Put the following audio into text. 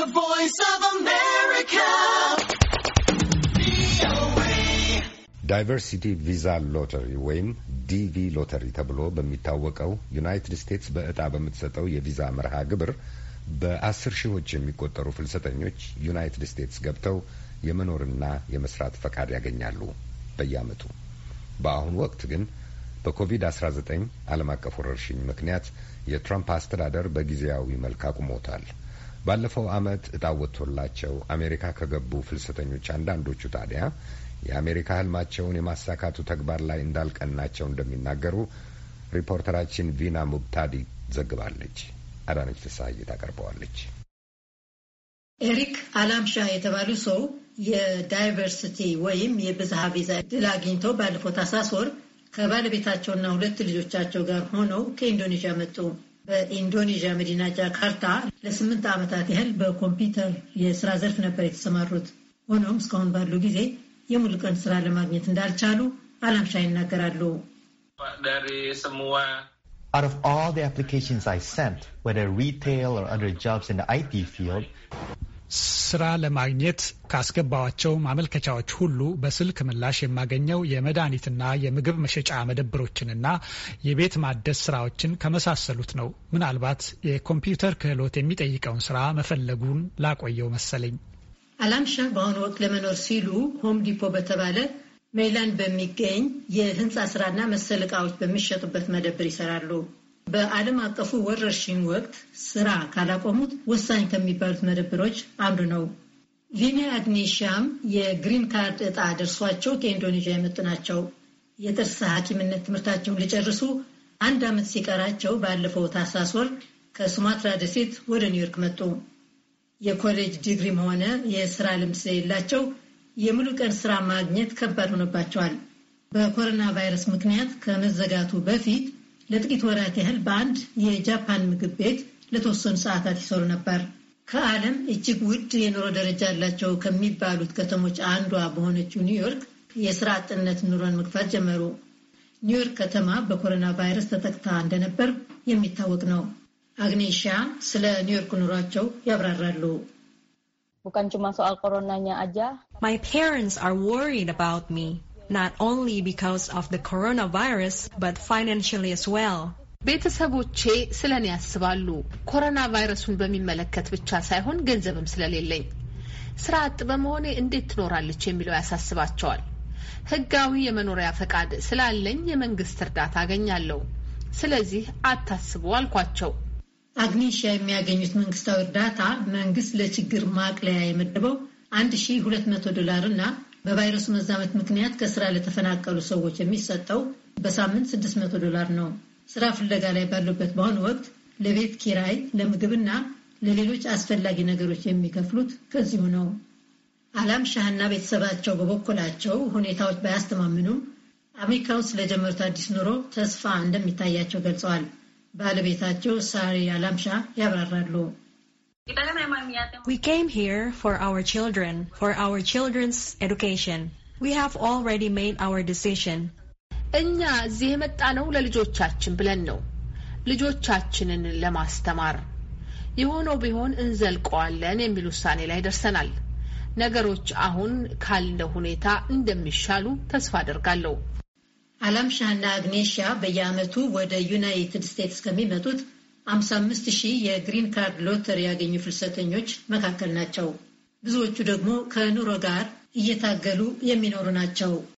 The Voice of America. ዳይቨርሲቲ ቪዛ ሎተሪ ወይም ዲቪ ሎተሪ ተብሎ በሚታወቀው ዩናይትድ ስቴትስ በእጣ በምትሰጠው የቪዛ መርሃ ግብር በአስር ሺዎች የሚቆጠሩ ፍልሰተኞች ዩናይትድ ስቴትስ ገብተው የመኖርና የመስራት ፈቃድ ያገኛሉ በየዓመቱ። በአሁኑ ወቅት ግን በኮቪድ-19 ዓለም አቀፍ ወረርሽኝ ምክንያት የትራምፕ አስተዳደር በጊዜያዊ መልክ አቁሞታል። ባለፈው ዓመት እጣ ወጥቶላቸው አሜሪካ ከገቡ ፍልሰተኞች አንዳንዶቹ ታዲያ የአሜሪካ ህልማቸውን የማሳካቱ ተግባር ላይ እንዳልቀናቸው እንደሚናገሩ ሪፖርተራችን ቪና ሙብታዲ ዘግባለች። አዳነች ፍስሐዬ ታቀርበዋለች። ኤሪክ አላምሻ የተባሉ ሰው የዳይቨርሲቲ ወይም የብዝሃ ቪዛ እድል አግኝተው ባለፈው ታሳስ ወር ከባለቤታቸውና ሁለት ልጆቻቸው ጋር ሆነው ከኢንዶኔዥያ መጡ። በኢንዶኔዥያ መዲና ጃካርታ ለስምንት ዓመታት ያህል በኮምፒውተር የስራ ዘርፍ ነበር የተሰማሩት። ሆኖም እስካሁን ባሉ ጊዜ የሙሉ ቀን ስራ ለማግኘት እንዳልቻሉ አላምሻ ይናገራሉ። Out of all the applications I sent, whether retail or other jobs in the IT field, ስራ ለማግኘት ካስገባዋቸው ማመልከቻዎች ሁሉ በስልክ ምላሽ የማገኘው የመድኃኒትና የምግብ መሸጫ መደብሮችንና የቤት ማደስ ስራዎችን ከመሳሰሉት ነው። ምናልባት የኮምፒውተር ክህሎት የሚጠይቀውን ስራ መፈለጉን ላቆየው መሰለኝ። አላምሻ በአሁኑ ወቅት ለመኖር ሲሉ ሆም ዲፖ በተባለ ሜላንድ በሚገኝ የህንፃ ስራና መሰል እቃዎች በሚሸጡበት መደብር ይሰራሉ። በዓለም አቀፉ ወረርሽኝ ወቅት ስራ ካላቆሙት ወሳኝ ከሚባሉት መደብሮች አንዱ ነው። ቪኒ አግኒሻም የግሪን ካርድ እጣ ደርሷቸው ከኢንዶኔዥያ የመጡ ናቸው። የጥርስ ሐኪምነት ትምህርታቸውን ሊጨርሱ አንድ ዓመት ሲቀራቸው ባለፈው ታህሳስ ወር ከሱማትራ ደሴት ወደ ኒውዮርክ መጡ። የኮሌጅ ዲግሪም ሆነ የስራ ልምድ ስለሌላቸው የሙሉ ቀን ስራ ማግኘት ከባድ ሆነባቸዋል። በኮሮና ቫይረስ ምክንያት ከመዘጋቱ በፊት ለጥቂት ወራት ያህል በአንድ የጃፓን ምግብ ቤት ለተወሰኑ ሰዓታት ይሰሩ ነበር። ከዓለም እጅግ ውድ የኑሮ ደረጃ ያላቸው ከሚባሉት ከተሞች አንዷ በሆነችው ኒውዮርክ የስራ አጥነት ኑሮን መግፋት ጀመሩ። ኒውዮርክ ከተማ በኮሮና ቫይረስ ተጠቅታ እንደነበር የሚታወቅ ነው። አግኔሻ ስለ ኒውዮርክ ኑሯቸው ያብራራሉ። bukan cuma soal አጃ ማይ ፓረንትስ አር ወሪድ አባውት ሚ not only because of the coronavirus, but financially as well. ቤተሰቦቼ ስለ እኔ ያስባሉ። ኮሮና ቫይረሱን በሚመለከት ብቻ ሳይሆን ገንዘብም ስለሌለኝ ስራ አጥ በመሆኔ እንዴት ትኖራለች የሚለው ያሳስባቸዋል። ህጋዊ የመኖሪያ ፈቃድ ስላለኝ የመንግስት እርዳታ አገኛለሁ። ስለዚህ አታስቡ አልኳቸው። አግኒሻ የሚያገኙት መንግስታዊ እርዳታ መንግስት ለችግር ማቅለያ የመደበው 1200 ዶላር እና በቫይረሱ መዛመት ምክንያት ከስራ ለተፈናቀሉ ሰዎች የሚሰጠው በሳምንት 600 ዶላር ነው። ስራ ፍለጋ ላይ ባሉበት በአሁኑ ወቅት ለቤት ኪራይ፣ ለምግብና ለሌሎች አስፈላጊ ነገሮች የሚከፍሉት ከዚሁ ነው። አላም ሻህና ቤተሰባቸው በበኩላቸው ሁኔታዎች ባያስተማምኑም አሜሪካ ውስጥ ለጀመሩት አዲስ ኑሮ ተስፋ እንደሚታያቸው ገልጸዋል። ባለቤታቸው ሳሪ አላምሻ ያብራራሉ። We came here for our children, for our children's education. We have already made our decision. እኛ እዚህ የመጣነው ለልጆቻችን ብለን ነው፣ ልጆቻችንን ለማስተማር። የሆነው ቢሆን እንዘልቀዋለን የሚል ውሳኔ ላይ ደርሰናል። ነገሮች አሁን ካለው ሁኔታ እንደሚሻሉ ተስፋ አደርጋለሁ። አላምሻና አግኔሽያ በየዓመቱ ወደ ዩናይትድ ስቴትስ ከሚመጡት አምስት ሺህ የግሪን ካርድ ሎተሪ ያገኙ ፍልሰተኞች መካከል ናቸው። ብዙዎቹ ደግሞ ከኑሮ ጋር እየታገሉ የሚኖሩ ናቸው።